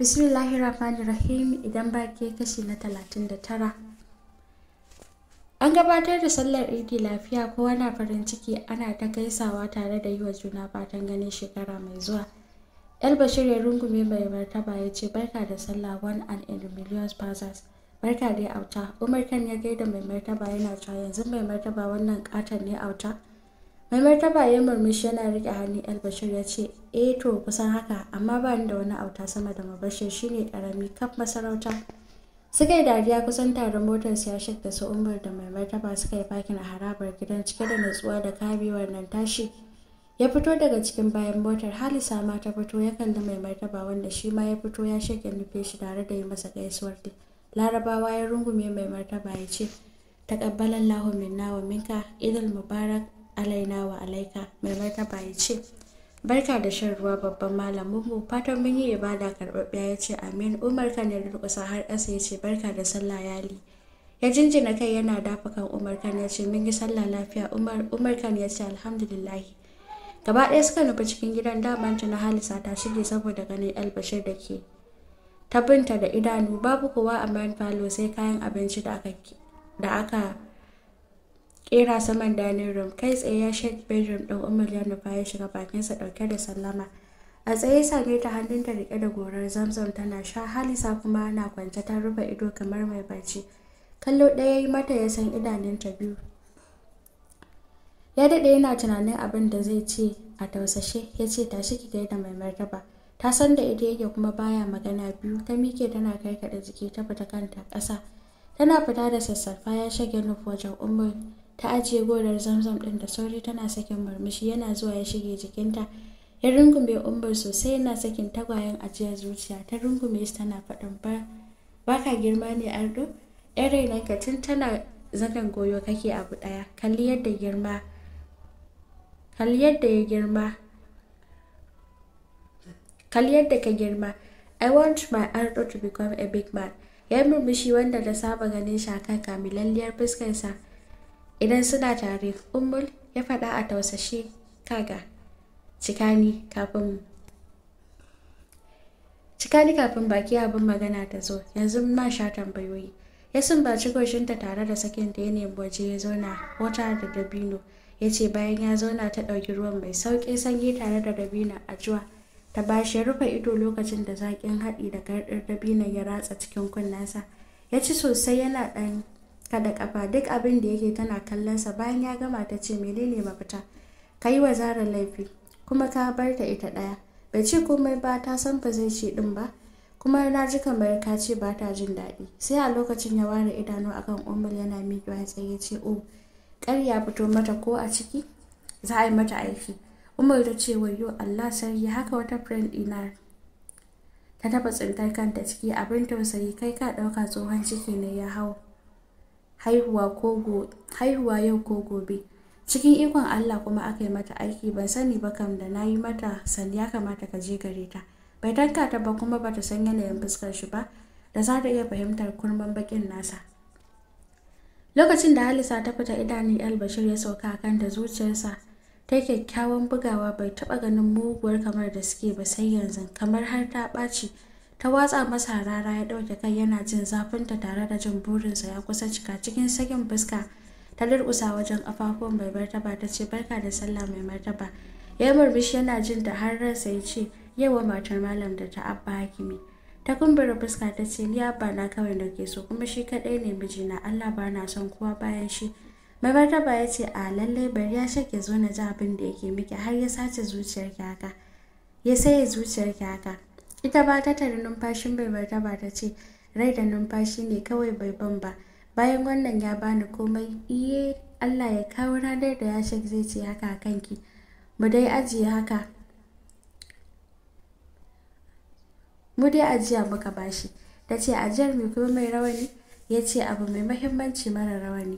rahimi idan ba ke kashi na 39. An gabatar da sallar idi lafiya kowa na farin ciki ana ta gaisawa tare da yi wa juna fatan ganin shekara mai zuwa. 'yan Bashir ya rungume mai martaba ya ce barka da sallah one and in million spazers Barka dai auta. Umar kan ya gaida mai martaba yana cewa yanzu mai martaba wannan katon ne auta. mai martaba ya murmushi yana rike hannun bashir ya ce eh to kusan haka amma ba ni da wani auta sama da mabashir shine karami kaf masarauta suka yi dariya kusan taron motar ya da su umar da mai martaba suka yi fakin a harabar gidan cike da natsuwa da kabewar nan tashi ya fito daga cikin bayan motar halisa ma ta fito ya kalli mai martaba wanda shi ma ya fito ya shake nufe shi tare da yi masa gaisuwar larabawa ya rungume mai martaba ya ce takabbalan lahu minna wa minka idil mubarak alaina wa alaika mai martaba ya ce barka da shan ruwa babban mu fatan mun yi ibada karɓaɓɓiya ya ce amin umar kan ya durƙusa har ƙasa ya ce barka da sallah yali ya jinjina kai yana dafa kan umar kan ya ce mun yi sallah lafiya umar umar kan ya ce alhamdulillahi gaba ɗaya suka nufi cikin gidan daman na halisa ta shige saboda ganin albashir da ke ta binta da idanu babu kowa a bayan falo sai kayan abinci da aka kera saman dining room kai tsaye ya shek bedroom ɗin umar yanufa ya shiga sa ɗauke da sallama a tsaye same ta hannunta rike da gorar zamzam tana sha halisa kuma na kwance ta rufe ido kamar mai bacci. kallo ɗaya yi mata ya san idanunta biyu ya daɗe yana tunanin abin da zai ce a tausashe ya ce tashi ki da mai martaba ta san da ita yake kuma baya magana biyu ta mike tana kai kaɗa jiki ta fita kanta ƙasa tana fita da sassafa ya shage nufi wajen umar ta ajiye godar zamzam ɗin da sauri tana sakin murmushi yana zuwa ya shige jikinta ya rungume umbar sosai yana sakin tagwayen ajiyar zuciya ta rungume shi tana faɗin ba baka girma ne ardo yan raina ka tun tana zakan goyo kake abu ɗaya kalli yadda girma kalli yadda ya girma kalli yadda ka girma i want my ardo to become a big man ya murmushi wanda da saba ganin shakar kamin lalliyar kamilalliyar fuskarsa idan suna tare ummul ya faɗa a tausashe kaga cikani kafin baki abin magana ta zo yanzu ma sha tambayoyi ya sumbaci goshinta tare da sakin da ya nemi waje ya zauna wata da dabino ya ce bayan ya zauna ta ɗauki ruwan mai sauƙi sanyi tare da dabino a juwa ta bashi ya rufe ido lokacin da zaƙin haɗi da garɗin dabino ya ratsa cikin kunnensa ya ci sosai yana ɗan kada kafa duk abin da yake tana kallonsa bayan ya gama ta ce menene mafita ka yi wa zarar laifi kuma ka bar ta ita ɗaya bai ce komai ba ta san ba zai ce din ba kuma na ji kamar ka ce ba ta jin daɗi sai a lokacin ya ware idanu akan umar yana miƙewa ya tsaye ce o oh, karya ya fito mata ko a ciki za a yi mata aiki umar ta ce wayo allah sarki haka wata friend ɗina ta taɓa tsintar kanta ciki abin tausayi kai ka ɗauka tsohon ciki ne ya hau haihuwa yau ko gobe cikin ikon allah kuma aka yi mata aiki ban sani ba kam da na yi mata sani ya kamata ka je gare ta bai tanka ta ba kuma bata san yanayin fuskar shi ba da za ta iya fahimtar kurman bakin nasa lokacin da halisa ta fita idanun bashir ya sauka kan da zuciyarsa ta kyakkyawan bugawa bai taba ganin muguwar kamar da suke ba sai yanzu kamar har ta ɓaci ta watsa masa rara ya ɗauke kai yana jin zafin ta tare da jin burinsa ya kusa cika cikin sakin fuska ta durƙusa wajen ƙafafuwan mai martaba ta ce barka da sallah mai martaba ya yi murmushi yana jin da har ransa ya ce yawa matar malam da ta abba hakimi ta kumbura fuska ta ce ni abba na kawai da ke so kuma shi kaɗai ne mijina allah ba na son kowa bayan shi mai martaba ya ce a lallai bari ya shake zo na ji abin da yake miki har ya sace zuciyarki haka ya sai zuciyarki haka ita ba ta tare numfashin bai ba ta ce rai da numfashi ne kawai bai ban ba bayan wannan ya bani komai iye allah ya kawo ranar da ya shek zai ce haka a kanki mu dai ajiye haka mu dai ajiya muka bashi ta ce ajiyar mai kuma mai rawani ya ce abu mai mahimmanci mara rawani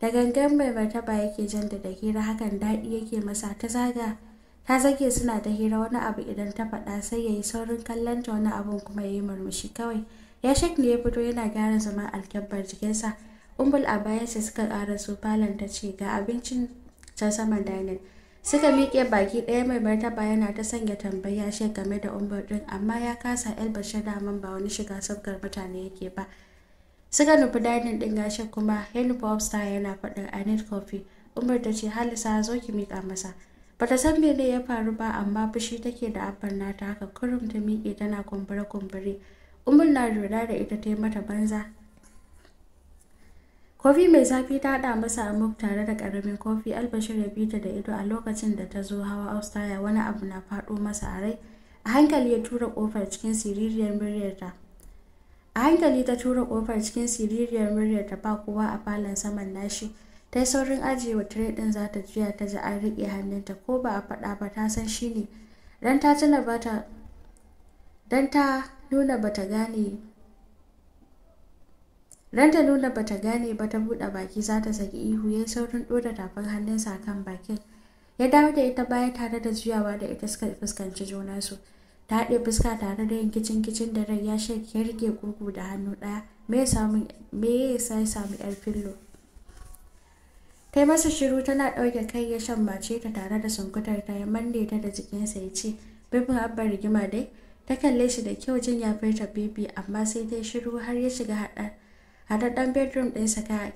da gangan mai martaba yake jan da hira hakan daɗi yake masa ta zaga ta zage suna ta hira wani abu idan ta faɗa sai ya yi saurin kallon ta wani abun kuma ya yi murmushi kawai ya ne ya fito yana gyara zama alkyabbar jikinsa umbul a bayan sai suka ƙara su falon ta ce ga abincin ta saman dinin suka miƙe baki ɗaya mai martaba yana ta sanya tambaya shi game da umbul ɗin amma ya kasa el bashir daman ba wani shiga sabgar mutane yake ba suka nufi dinin ɗin gashi kuma ya nufi yana faɗin anit kofi coffee umbul ta ce halisa zo ki miƙa masa bata san mene ya faru ba amma fushi take da abbar nata haka kurum ta miƙe tana kumbure kumbure umar na lura da ita ta yi mata banza kofi mai zafi ta haɗa masa amuk tare da ƙaramin kofi albashir ya bita da ido a lokacin da ta zo hawa australia wani abu na faɗo masa a rai a hankali ya tura ƙofar cikin siririyar muryarta a hankali ta tura ƙofar cikin siririyar muryarta ba kowa a falon saman nashi ta yi saurin ajiyewa tire ɗin za ta juya ta ji an riƙe hannunta ko ba a faɗa ba ta san shi ne don ta nuna bata gane ta gane ba ta buɗe baki za ta saki ihu ya yi saurin ɗora tafin hannunsa a kan bakin ya dawo da ita baya tare da juyawa da ita suka fuskanci juna su ta haɗe fuska tare da yin kicin kicin da rai ya shirya ya rike kurku da hannu ɗaya me ya sa ya samu yar fillo kai masa shiru tana ɗauke kai ya mace ta tare da sunkutar ta ya manne ta da jikinsa ya ce bibin abban rigima dai ta kalle shi da kyau jin ya furta bibi amma sai ta shiru har ya shiga haɗaɗɗen bedroom ɗinsa ka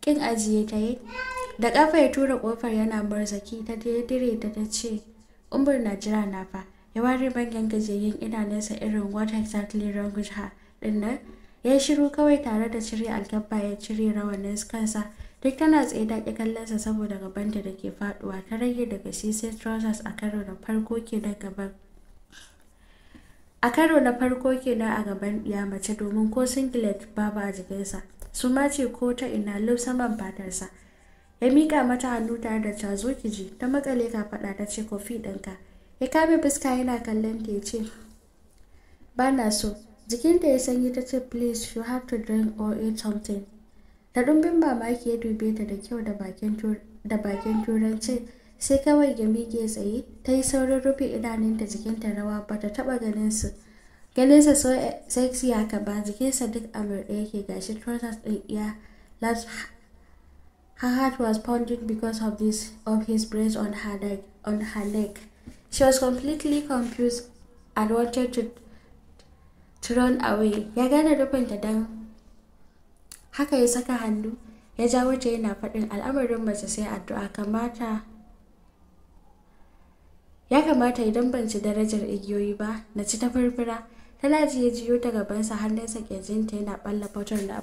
ƙin ajiye ta yi da ƙafa ya tura ƙofar yana barzaki ta dire ta ta ce umar na jira na fa ya ware manyan gajiyayyen idanunsa irin what exactly wrong with her ɗin nan ya shiru kawai tare da cire alkabba ya cire rawanin kansa duk tana tsaye da ƙi kallonsa saboda gabanta da ke faduwa ta rage daga shi sai trousers a karo da farko ke da gaban a karo na farko da a gaban ya mace domin ko singlet babu a jikinsa su ma ce ko ta ina lau saman fatarsa ya mika mata hannu tare da cazo kiji ta makale ka faɗa ta ce kofi ɗinka ya kame fuska yana kallon ta ya ce ba na so jikinta ya sanyi ta ce please you have to drink or eat something da ɗumbin mamaki ya dube ta da kyau da bakin turanci sai kawai ya miƙe tsaye ta yi saurin rufe idanunta jikinta rawa ba ta taɓa ganin su ganinsa so eh, sexy haka ba jikinsa duk a murɗe yake gashi trousers ɗin iya last her heart was pounding because of this of his brace on her neck on her neck she was completely confused and wanted to run away ya gane rufinta don haka ya saka hannu ya ja wata yana faɗin al'amarin mace sai addu'a kamata ya kamata idan ban ci darajar igiyoyi ba na ci ta furfura talaji ya jiyo ta gabansa hannunsa ƙirjinta yana ɓalla fotar da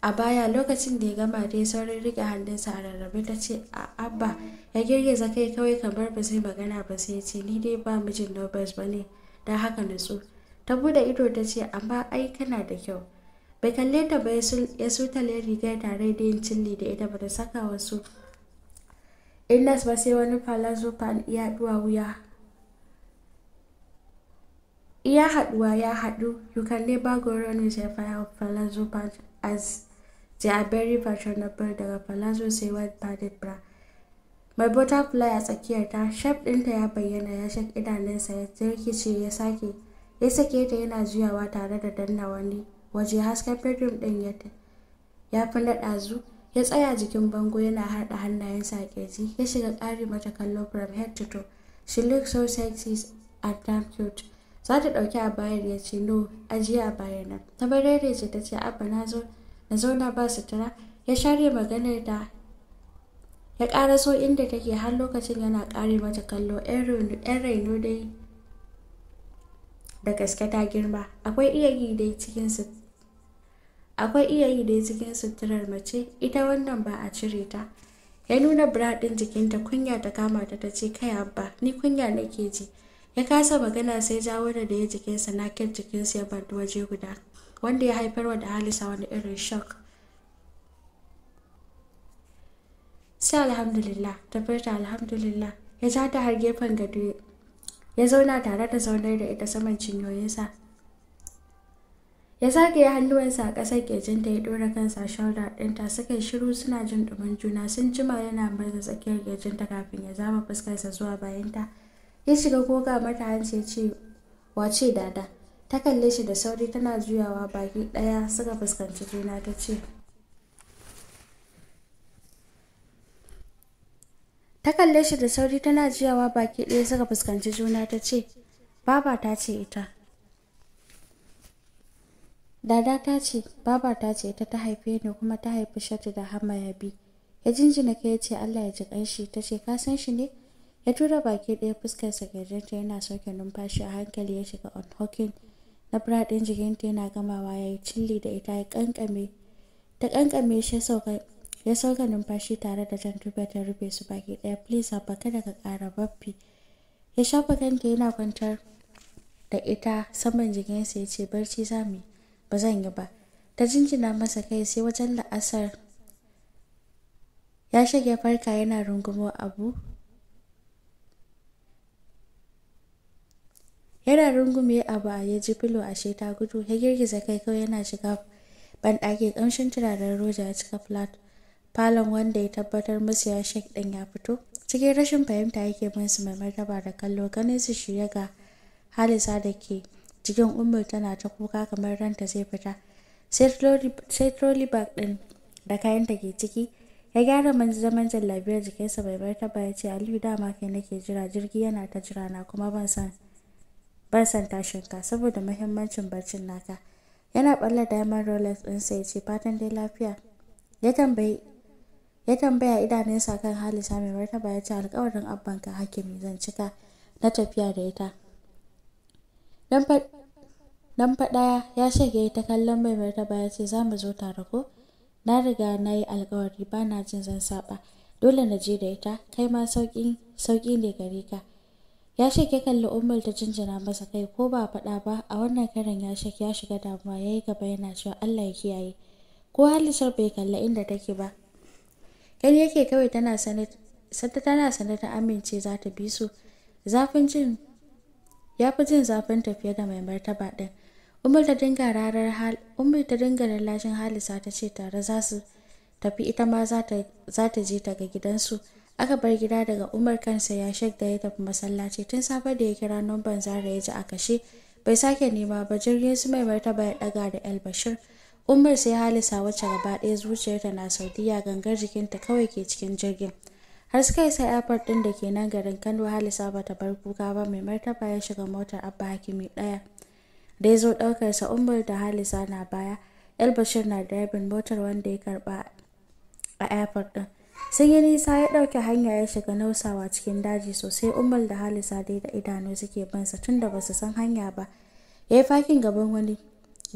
a baya lokacin da ya gama dai saurin riƙe hannunsa a rarrabe ta ce a abba ya girgiza kai kawai kamar ba sai magana ba sai ce ni dai ba mijin nobels ba ne don haka nutsu ta bude ido ta ce amma ai kana da kyau bai kalle ta ba ya sutale riga tare da yin cilli da ita ba ta saka wasu illas ba sai wani palazzo pal ya duwa wuya iya haduwa ya hadu you can never go run with a fire of palazzo pant as they are very fashionable daga palazzo sai white padded bra mai butterfly a tsakiyarta ta shaf dinta ya bayyana ya shak idanunsa ya ce ya sake ya sake ta yana juyawa tare da danna wani waje hasken bedroom ɗin ya ya fi naɗa zu ya tsaya jikin bango yana harda hannayensa a keji ya shiga ƙari mata kallo from head to toe she looks so sexy and damn cute za ta ɗauki a bayar ya ce no ajiye a bayar nan ta barere ce ta ce abba na zo na zauna ba sutura ya share maganar da ya ƙara so inda take har lokacin yana kare mata kallo 'yan raino dai da gaske ta girma akwai iya yi dai cikin akwai iya yi dai cikin suturar mace ita wannan ba a cire ta ya nuna bra ɗin jikinta kunya ta kama ta ta ce kai abba ni kunya nake ji ya kasa magana sai jawo da da ya jikinsa na kyan jikinsa ya bar waje guda wanda ya haifar wa da halisa wani irin shock sai alhamdulillah ta furta alhamdulillah ya ja ta har gefen gado ya zauna tare da zaunar da ita saman cinyoyinsa ya zagaye hannuwansa a ƙasar ƙirjinta ya ɗora kansa shoulder ɗinta suka shiru suna jin ɗumin juna sun jima yana murza tsakiyar ƙirjinta kafin ya zama fuskarsa zuwa bayanta ya shiga koga mata hanci ya ce wace dada ta kalle shi da sauri tana juyawa baki ɗaya suka fuskanci juna ta ce ta kalle shi da sauri tana juyawa baki ɗaya suka fuskanci juna ta ce baba ta ce ita Dada ta ce, baba ta ce ita ta haife ni kuma ta haifi shatu da hamayabi. Ya jinjina ka ya ce Allah ya ji kanshi ta ce ka san shi ne? Ya tura baki ɗaya fuskarsa kirjinta yana sauke numfashi a hankali ya shiga on hokin. na ɗin jikinta yana gamawa ya yi cilli da ita ya ƙanƙame ta ƙanƙame shi ya sauka numfashi tare da jan tuba ta rufe su baki ɗaya please abba kada ka ƙara baffi ya shafa kanta yana kwantar da ita saman jikinsa ya ce barci za mu yi ba zan yi ba ta jinjina masa kai sai wajen la'asar ya shige farka yana rungumo abu yana rungume abu a ya ji filo ashe ta gudu ya girgiza kai kawai yana shiga banɗaki ƙamshin turaren roja ya cika flat falon wanda ya tabbatar musu ya shek ɗin ya fito cikin rashin fahimta yake bin su mai martaba da kallo ganin su shirya ga halisa da ke jikin umar tana ta kuka kamar ranta zai fita sai trolley bag din da kayanta ke ciki ya gyara man zaman jallabiyar jikinsa bai bar ta ya ce aliyu dama kai nake jira jirgi yana ta jira na kuma ban san ban san tashin ka saboda muhimmancin barcin naka yana balla diamond rolex ɗinsa ya ce fatan dai lafiya ya tambayi ya tambaya idanunsa kan halisa mai martaba ya ce alkawarin abban ka hakimi zan cika na tafiya da ita dan faɗaya ya shige ta kallon mai martaba ya ce za mu zo tare ko na riga na yi alkawari ba na jin zan saba dole na je da ita kai ma sauƙi ne gare ka ya shige kalli umar ta jinjina masa kai ko ba faɗa ba a wannan karin ya shige ya shiga damuwa ya yi gaba yana cewa allah ya kiyaye ko halisar bai kalla inda take ba kan yake kawai tana sanata tana sane ta amince za ta bi su zafin jin ya fi jin zafin tafiye da mai martaba ɗin umar ta dinga rarar hal umar ta dinga lallashin halisa ta ce tare za su tafi ita ma za ta je ta gidansu aka bar gida daga umar kansa ya shek da ya tafi masallaci tun safe da ya kira numban zara ya ji a kashe bai sake nema ba jirgin su mai martaba ya daga da el bashir umar sai halisa wacce gaba ɗaya zuciyarta na saudiya gangar jikinta kawai ke cikin jirgin har suka isa airport ɗin da ke nan garin kano halisa ba ta bar kuka ba mai martaba ya shiga motar abba hakimi ɗaya da ya zo ɗaukarsa umar da halisa na baya el bashir na direbin motar wanda ya karba a airport ɗin sun yi nisa ya ɗauke hanya ya shiga nausawa cikin daji sosai umar da halisa dai da idanu suke bansa tun da basu san hanya ba ya yi fakin gaban wani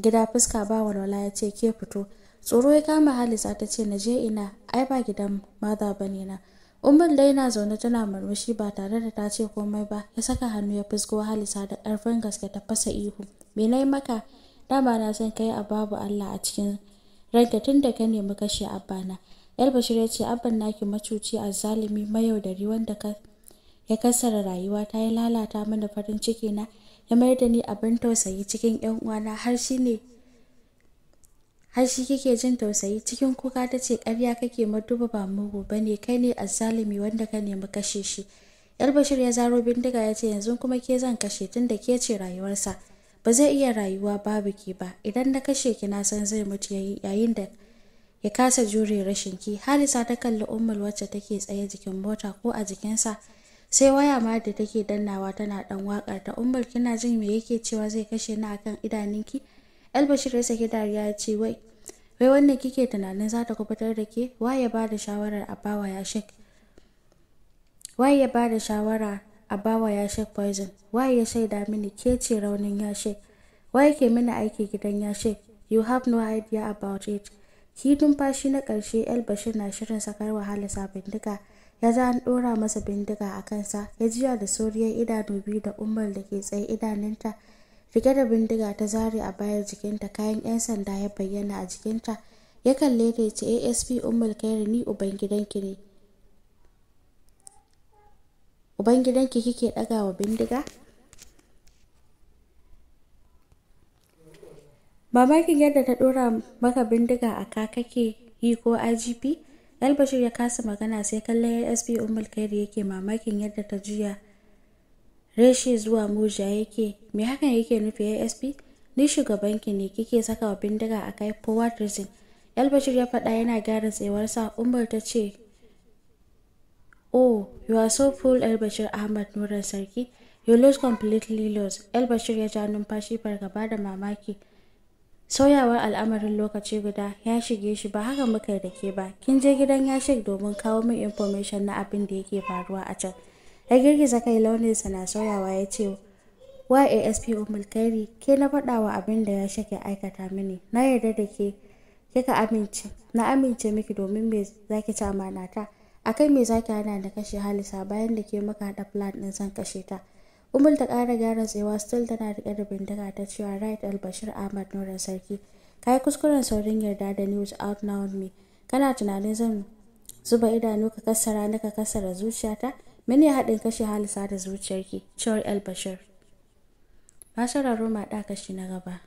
gida fuska ba walwala ya ce ke fito tsoro ya kama halisa ta ce na je ina ai ba gidan maza ba ne na umar dai na zaune tana murmushi ba tare da ta ce komai ba ya saka hannu ya fusgo halisa da ƙarfin gaske ta fasa ihu me na yi maka dama na san kai a babu allah a cikin ranka tun da ka nemi kashe abbana yar bashir ya ce abban naki macuci a zalimi mayaudari wanda ka ya kassara rayuwa ta ya lalata mana farin ciki na ya mayar da ni abin tausayi cikin yan uwana har shi ne. har shi kike jin tausayi cikin kuka ta ce ƙarya kake maduba ba mugu ba ne kai ne azzalumi wanda ka nemi kashe shi yar bashir ya zaro bindiga ya ce yanzu kuma ke zan kashe tun da ke ce rayuwarsa ba zai iya rayuwa babu ki ba idan na kashe ki na san zai mutu yayin da ya kasa jure rashin ki halisa ta kalli ummul wacce take tsaye jikin mota ko a jikinsa sai waya ma da take dannawa tana dan wakar ta ummul kina jin me yake cewa zai kashe ni akan idaninki Albashir ya saki dariya ya ce wai wai wannan kike tunanin za ta kubutar da ke waye ba da shawarar a bawa ya shek waye ya ba da shawara a bawa ya shek poison waye ya shaida mini ke ce raunin ya shek waye ke mini aiki gidan ya shek you have no idea about it ki numfashi na karshe albashir na shirin sakar wahalarsa bindiga ya za an ɗora masa bindiga a kansa ya jiya da soriyar idanu biyu da umar da ke tsaye idanunta rike da bindiga ta zare a bayar jikinta kayan 'yan sanda ya bayyana a jikinta ya kalle ta ce asp eh, ummul kairi ni ubangidanki ne ubangidanki kike daga wa bindiga mamakin yadda ta dora maka bindiga a ka kake yi ko igp albashir ya kasa magana sai kallon asp ummul kairi yake mamakin yadda ta juya reshe zuwa muja yake me hakan yake nufi asp ni shugabanki ne kike saka wa bindiga a kai forward reason yalbashir ya faɗa yana gyara tsewarsa umar ta ce oh you are so full yalbashir ahmad nuran sarki you lose completely lose yalbashir ya ja numfashi fargaba da mamaki sauyawar al'amarin lokaci guda ya shige shi ba haka muka da ke ba kin je gidan yashik domin kawo min information na abin da yake faruwa a can ya girgiza kai launinsa na sauyawa ya ce wa asp umulkairi ke na faɗawa abin da ya shake aikata mini na yarda da ke kika amince na amince miki domin me zaki ci amanata kai me zaki hana da kashe halisa bayan da ke maka haɗa plan ɗin zan kashe ta umul ta ƙara gyara tsewa still tana riƙe da bindiga ta cewa right albashir ahmad nuran sarki kai kuskuren saurin yarda da news out now me kana tunanin zan zuba idanu ka kassara ni ka kassara zuciyata mene haɗin kashe halisa da zuciyarki Chor el bashir na roma ɗa kashi na gaba